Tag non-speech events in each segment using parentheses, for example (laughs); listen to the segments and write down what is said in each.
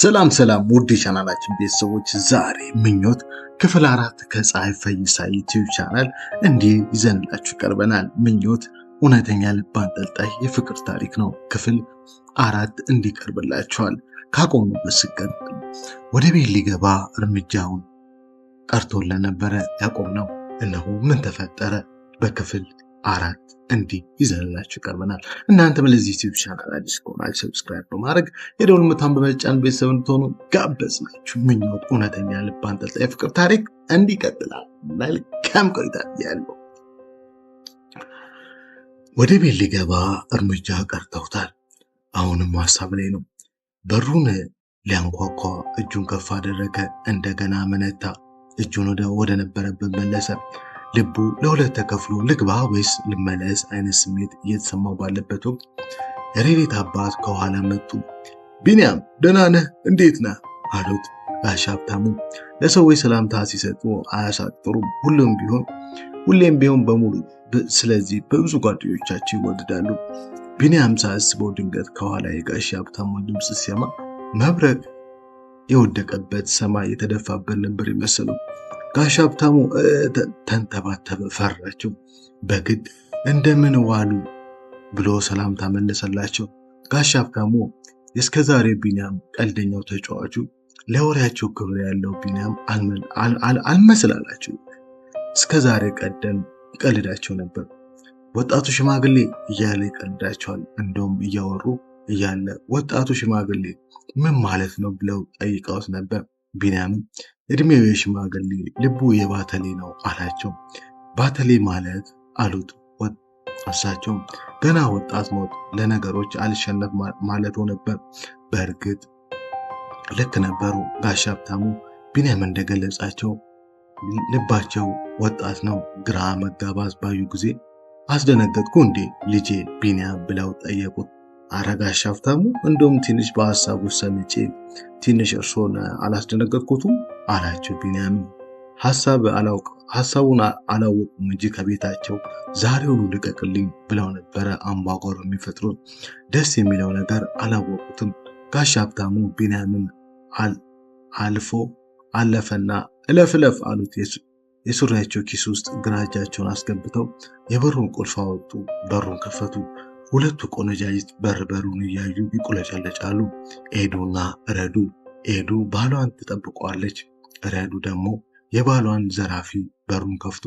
ሰላም ሰላም ውድ የቻናላችን ቤተሰቦች፣ ዛሬ ምኞት ክፍል አራት ከፀሐይ ፈይሳ ዩቲዩብ ቻናል እንዲህ ይዘንላችሁ ቀርበናል። ምኞት እውነተኛ ልብ አንጠልጣይ የፍቅር ታሪክ ነው። ክፍል አራት እንዲቀርብላችኋል። ካቆሙበት ሲቀጥል ወደ ቤት ሊገባ እርምጃውን ጠርቶለን ነበረ ያቆም ነው። እነሆ ምን ተፈጠረ በክፍል አራት እንዲህ ይዘንላችሁ ቀርበናል። እናንተም ለዚህ ዩቲዩብ ቻናል አዲስ ከሆናችሁ ሰብስክራይብ በማድረግ የደውል ምታን በመጫን ቤተሰብ እንድትሆኑ ናችሁ። ምኞት እውነተኛ ልብ አንጠልጣይ የፍቅር ታሪክ እንዲቀጥላል። መልካም ቆይታ ያለው ወደ ቤት ሊገባ እርምጃ ቀርተውታል። አሁንም ሀሳብ ላይ ነው። በሩን ሊያንኳኳ እጁን ከፍ አደረገ። እንደገና መነታ። እጁን ወደ ነበረበት መለሰ። ልቡ ለሁለት ተከፍሎ ልግባ ወይስ ልመለስ አይነት ስሜት እየተሰማው ባለበት ወቅት የሬሬት አባት ከኋላ መጡ። ቢንያም ደህና ነህ እንዴት ነህ አሉት። ጋሻ ሀብታሙ ለሰዎች ሰላምታ ሲሰጡ አያሳጥሩም። ሁሉም ቢሆን ሁሌም ቢሆን በሙሉ ስለዚህ በብዙ ጓደኞቻቸው ይወድዳሉ። ቢንያም ሳያስበው ድንገት ከኋላ የጋሻ ሀብታሙን ድምፅ ሲሰማ መብረቅ የወደቀበት ሰማይ የተደፋበት ነበር የመሰለው። ጋሽ ሀብታሙ ተንተባተበ፣ ፈራቸው። በግድ እንደምን ዋሉ ብሎ ሰላምታ መለሰላቸው። ጋሽ ሀብታሙ እስከ ዛሬ ቢኒያም ቀልደኛው ተጫዋቹ ለወሬያቸው ክብር ያለው ቢኒያም አልመስላላቸው እስከ ዛሬ ቀደም ይቀልዳቸው ነበር። ወጣቱ ሽማግሌ እያለ ይቀልዳቸዋል። እንደውም እያወሩ እያለ ወጣቱ ሽማግሌ ምን ማለት ነው ብለው ጠይቀውት ነበር። ቢንያም እድሜው የሽማግሌ ልቡ የባተሌ ነው አላቸው። ባተሌ ማለት አሉት እሳቸውም ገና ወጣት ሞት ለነገሮች አልሸነፍ ማለቱ ነበር። በእርግጥ ልክ ነበሩ። ጋሻ ሀብታሙ ቢንያም እንደገለጻቸው ልባቸው ወጣት ነው። ግራ መጋባት ባዩ ጊዜ አስደነገጥኩ እንዴ ልጄ ቢንያም ብለው ጠየቁት። አረጋሽ ሀብታሙ እንደውም ትንሽ በሀሳቡ ሰምጬ ትንሽ እርሶን አላስደነገጥኩትም አላቸው ቢንያሚን ሀሳብ አላውቅ ሀሳቡን አላወቁም እንጂ ከቤታቸው ዛሬውኑ ልቀቅልኝ ብለው ነበረ አምባጓሮ የሚፈጥሩት ደስ የሚለው ነገር አላወቁትም ጋሽ ሀብታሙ ቢንያሚን አልፎ አለፈና እለፍ እለፍ አሉት የሱሪያቸው ኪስ ውስጥ ግራ እጃቸውን አስገብተው የበሩን ቁልፍ አወጡ በሩን ከፈቱ ሁለቱ ቆነጃጅት በርበሩን እያዩ ይቁለጨለጫሉ። ኤዱና ረዱ። ኤዱ ባሏን ትጠብቋለች። ረዱ ደግሞ የባሏን ዘራፊ በሩን ከፍቶ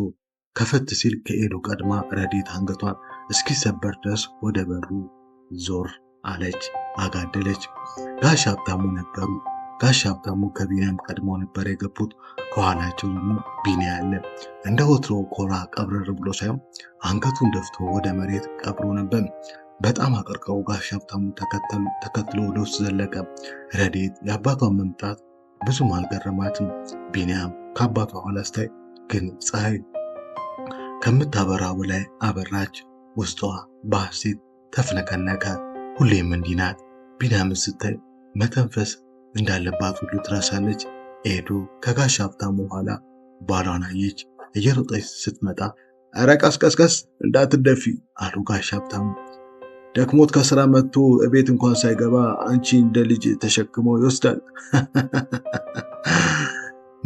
ከፈት ሲል ከኤዱ ቀድማ ረዴት አንገቷን እስኪሰበር ድረስ ወደ በሩ ዞር አለች፣ አጋደለች። ጋሽ ሀብታሙ ነበሩ። ጋሽ ሀብታሙ ከቢንያም ቀድሞ ነበር የገቡት። ከኋላቸው ደግሞ ቢንያ አለ። እንደ ወትሮ ኮራ ቀብረር ብሎ ሳይሆን አንገቱን ደፍቶ ወደ መሬት ቀብሮ ነበር። በጣም አቅርቀው ጋሽ ሀብታሙ ተከትሎ ወደ ውስጥ ዘለቀ። ረዴት የአባቷን መምጣት ብዙም አልገረማትም። ቢንያም ከአባቷ ኋላ ስታይ ግን ፀሐይ ከምታበራ በላይ አበራች። ውስጧ በሐሴት ተፍነከነከ። ሁሌም እንዲህ ናት። ቢንያምን ስታይ መተንፈስ እንዳለባት ሁሉ ትረሳለች። ኤዶ ከጋሽ ሀብታም በኋላ ባሏን አየች። እየሮጠች ስትመጣ ኧረ ቀስቀስቀስ እንዳትደፊ አሉ ጋሽ ሀብታም። ደክሞት ከስራ መጥቶ እቤት እንኳን ሳይገባ አንቺ እንደ ልጅ ተሸክሞ ይወስዳል። (laughs)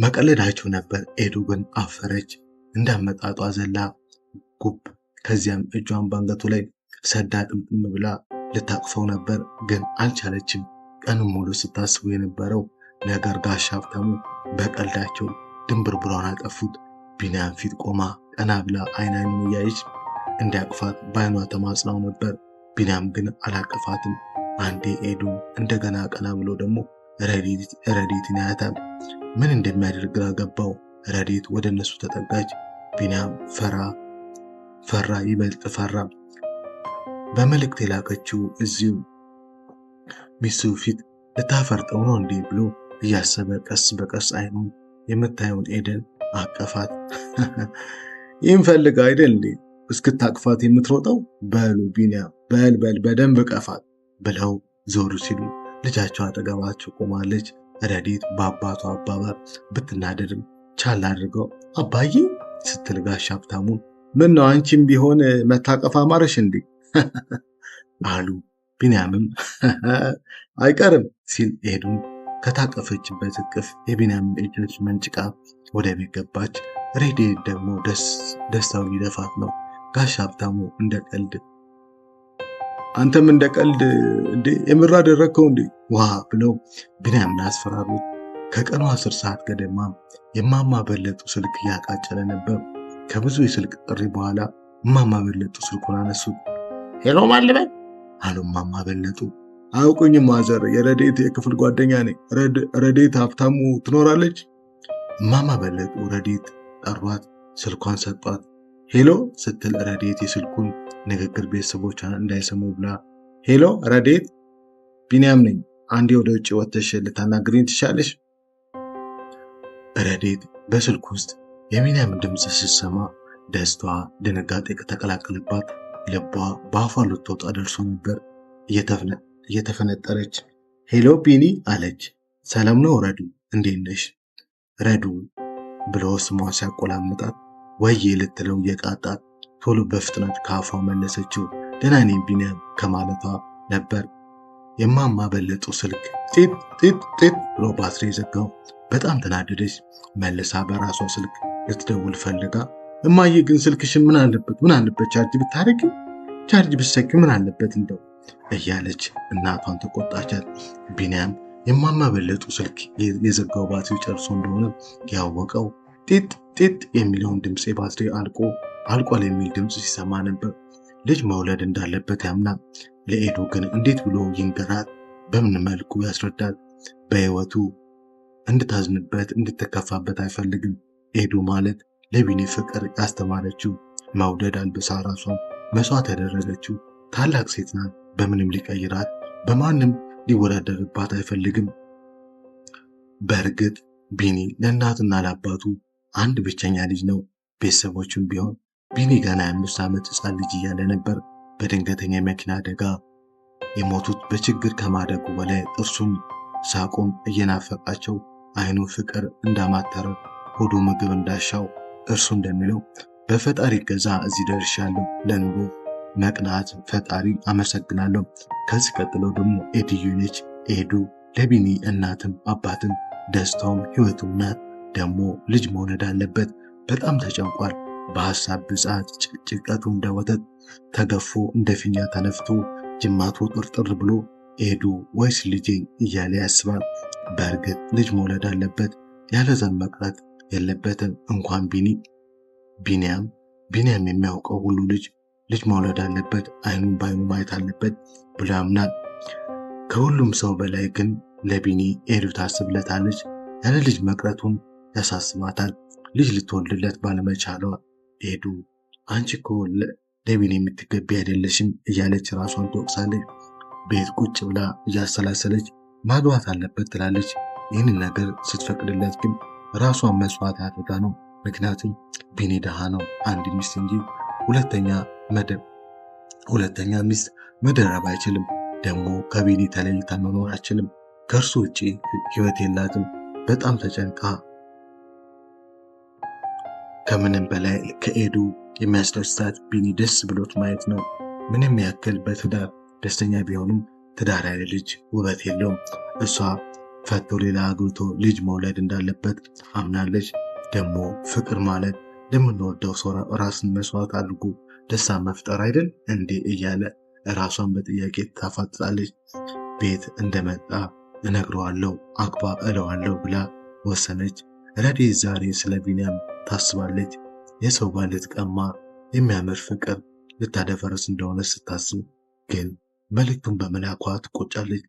መቀለዳቸው ነበር። ኤዱ ግን አፈረች። እንዳመጣጧ ዘላ ጉብ፣ ከዚያም እጇን ባንገቱ ላይ ሰዳ ጥምጥም ብላ ልታቅፈው ነበር፣ ግን አልቻለችም። ቀን ሙሉ ስታስቡ የነበረው ነገር ጋሻ ሀብታሙ በቀልዳቸው ድንብርብሯን አጠፉት። ቢንያም ፊት ቆማ ቀና ብላ አይናን አይኑን እያየች እንዲያቅፋት በአይኗ ተማጽናው ነበር። ቢንያም ግን አላቀፋትም። አንዴ ኤዱ እንደገና ቀና ብሎ ደግሞ ረዲትን ያያታል። ምን እንደሚያደርግ ገባው። ረዲት ወደ እነሱ ተጠጋች። ቢንያም ፈራ ፈራ፣ ይበልጥ ፈራ። በመልእክት የላከችው እዚሁ ሚስቱ ፊት ልታፈርጠው ነው እንዲህ ብሎ እያሰበ ቀስ በቀስ አይኑን የምታየውን ኤደን አቀፋት። (laughs) ይህም ፈልግ አይደል እንዴ እስክታቅፋት የምትሮጠው? በሉ ቢኒያ በል በል በደንብ ቀፋት ብለው ዞሩ ሲሉ ልጃቸው አጠገባቸው ቆማለች። ረዲት በአባቱ አባባል ብትናደድም ቻል አድርገው አባዬ ስትል ጋሽ ሀብታሙን ምን ነው አንቺም ቢሆን መታቀፍ አማረሽ እንዴ (laughs) አሉ። ቢንያምም (laughs) አይቀርም ሲል ኤዶም ከታቀፈችበት እቅፍ የቢንያምን እጆች መንጭቃ ወደ ቤት ገባች። ሬዴት ደግሞ ደስታው ሊደፋት ነው። ጋሽ ሀብታሙ እንደ ቀልድ አንተም እንደ ቀልድ እንዴ የምራ አደረግከው እንዴ ውሃ ብለው ቢንያምን አስፈራሩት። ከቀኑ አስር ሰዓት ገደማ የማማ በለጡ ስልክ እያቃጨለ ነበር። ከብዙ የስልክ ጥሪ በኋላ እማማ በለጡ ስልኩን አነሱት። ሄሎ ማልበል አሉማማ በለጡ። አያውቁኝም ማዘር፣ የረዴት የክፍል ጓደኛ ነኝ። ረዴት ሀብታሙ ትኖራለች። እማማ በለጡ ረዴት ጠሯት፣ ስልኳን ሰጧት። ሄሎ ስትል ረዴት የስልኩን ንግግር ቤተሰቦቿ እንዳይሰሙ ብላ ሄሎ ረዴት፣ ቢንያም ነኝ። አንዴ ወደ ውጭ ወተሽ ልታናግሪኝ ትሻለሽ? ረዴት በስልክ ውስጥ የቢንያም ድምፅ ስትሰማ ደስታዋ ድንጋጤ ተቀላቀለባት። ልቧ በአፏ ልትወጣ ደርሶ ነበር። እየተፈነጠረች ሄሎ ቢኒ አለች። ሰላም ነው ረዱ፣ እንዴት ነሽ? ረዱ ብሎ ስሟ ሲያቆላምጣት ወይ ልትለው እየቃጣት ቶሎ በፍጥነት ከአፏ መለሰችው። ደህና ነኝ ቢኒያም ከማለቷ ነበር የማማ በለጡ ስልክ ጢት ጤጥ ጤጥ ብሎ ባትሪ ዘጋው። በጣም ተናደደች። መልሳ በራሷ ስልክ ልትደውል ፈልጋ እማዬ ግን ስልክሽን ምን አለበት ምን አለበት ቻርጅ ብታደርግ ቻርጅ ብትሰኪው ምን አለበት እንደው እያለች እናቷን ተቆጣቻት። ቢንያም የማማበለጡ ስልክ የዘጋው ባትሪ ጨርሶ እንደሆነ ያወቀው ጢጥ ጢጥ የሚለውን ድምፅ የባትሪ አልቆ አልቋል የሚል ድምፅ ሲሰማ ነበር። ልጅ መውለድ እንዳለበት ያምናል። ለኤዶ ግን እንዴት ብሎ ይንገራት? በምን መልኩ ያስረዳል? በህይወቱ እንድታዝንበት እንድትከፋበት አይፈልግም። ኤዶ ማለት ለቢኒ ፍቅር ያስተማረችው መውደድ አልብሳ ራሷን መስዋዕት ያደረገችው ታላቅ ሴት ናት። በምንም ሊቀይራት በማንም ሊወዳደርባት አይፈልግም። በእርግጥ ቢኒ ለእናትና ለአባቱ አንድ ብቸኛ ልጅ ነው። ቤተሰቦቹም ቢሆን ቢኒ ገና የአምስት ዓመት ህፃን ልጅ እያለ ነበር በድንገተኛ የመኪና አደጋ የሞቱት። በችግር ከማደጉ በላይ ጥርሱን ሳቁም እየናፈቃቸው አይኑ ፍቅር እንዳማተረ ሆዱ ምግብ እንዳሻው እርሱ እንደሚለው በፈጣሪ ገዛ እዚህ ደርሻለሁ። ለኑሮ መቅናት ፈጣሪ አመሰግናለሁ። ከዚህ ቀጥሎ ደግሞ ኤድዩ ነች። ኤዱ ለቢኒ እናትም አባትም ደስታውም ህይወቱም ናት። ደግሞ ልጅ መውለድ አለበት። በጣም ተጨንቋል። በሀሳብ ብጻት ጭንቀቱ እንደ ወተት ተገፎ እንደ ፊኛ ተነፍቶ ጅማቱ ጥርጥር ብሎ ኤዱ ወይስ ልጄ እያለ ያስባል። በእርግጥ ልጅ መውለድ አለበት። ያለ መቅረት የለበትም። እንኳን ቢኒ ቢኒያም ቢንያም የሚያውቀው ሁሉ ልጅ ልጅ መውለድ አለበት፣ አይኑን በአይኑ ማየት አለበት ብሎ ያምናል። ከሁሉም ሰው በላይ ግን ለቢኒ ኤዱ ታስብለታለች። ያለ ልጅ መቅረቱን ያሳስባታል። ልጅ ልትወልድለት ባለመቻሏ ኤዱ አንቺ እኮ ለቢኒ የምትገቢ አይደለሽም እያለች ራሷን ትወቅሳለች። ቤት ቁጭ ብላ እያሰላሰለች ማግባት አለበት ትላለች። ይህንን ነገር ስትፈቅድለት ግን ራሷን መስዋዕት አድርጋ ነው። ምክንያቱም ቢኒ ድሃ ነው። አንድ ሚስት እንጂ ሁለተኛ መደብ ሁለተኛ ሚስት መደረብ አይችልም። ደግሞ ከቢኒ ተለይታ መኖር አይችልም። ከእርሱ ውጭ ህይወት የላትም። በጣም ተጨንቃ ከምንም በላይ ከኤዱ የሚያስደስታት ቢኒ ደስ ብሎት ማየት ነው። ምንም ያክል በትዳር ደስተኛ ቢሆንም ትዳር ያለ ልጅ ውበት የለውም። እሷ ፈቶ ሌላ አግብቶ ልጅ መውለድ እንዳለበት አምናለች። ደግሞ ፍቅር ማለት ለምንወደው ሰው ራስን መስዋዕት አድርጎ ደስታ መፍጠር አይደል እንዴ እያለ ራሷን በጥያቄ ታፋጥጣለች። ቤት እንደመጣ እነግረዋለሁ አግባ እለዋለሁ ብላ ወሰነች። ረዴ ዛሬ ስለ ቢንያም ታስባለች። የሰው ባለት ቀማ የሚያምር ፍቅር ልታደፈርስ እንደሆነ ስታስብ ግን መልእክቱን በመላኳ ትቆጫለች።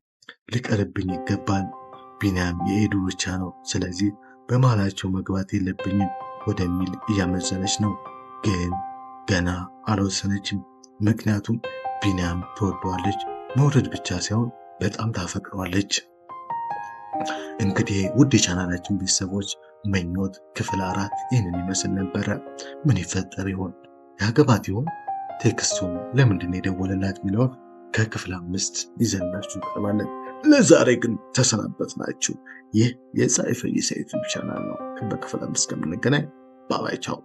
ሊቀርብኝ ይገባል ቢንያም የኤዱ ብቻ ነው፣ ስለዚህ በመሃላቸው መግባት የለብኝም ወደሚል እያመዘነች ነው። ግን ገና አልወሰነችም። ምክንያቱም ቢንያም ትወደዋለች፣ መውደድ ብቻ ሳይሆን በጣም ታፈቅረዋለች። እንግዲህ ውድ የቻናላችን ቤተሰቦች ምኞት ክፍል አራት ይህንን ይመስል ነበረ። ምን ይፈጠር ይሆን? ያገባት ይሆን? ቴክስቱን ለምንድን የደወለላት የሚለውን ከክፍል አምስት ይዘንላችሁ ይቀርባለን። ለዛሬ ግን ተሰናበት ናችሁ። ይህ የፀሐይ ፈይሳ ቻናል ነው። በክፍል አምስት እስከምንገናኝ ባባይ ቻው።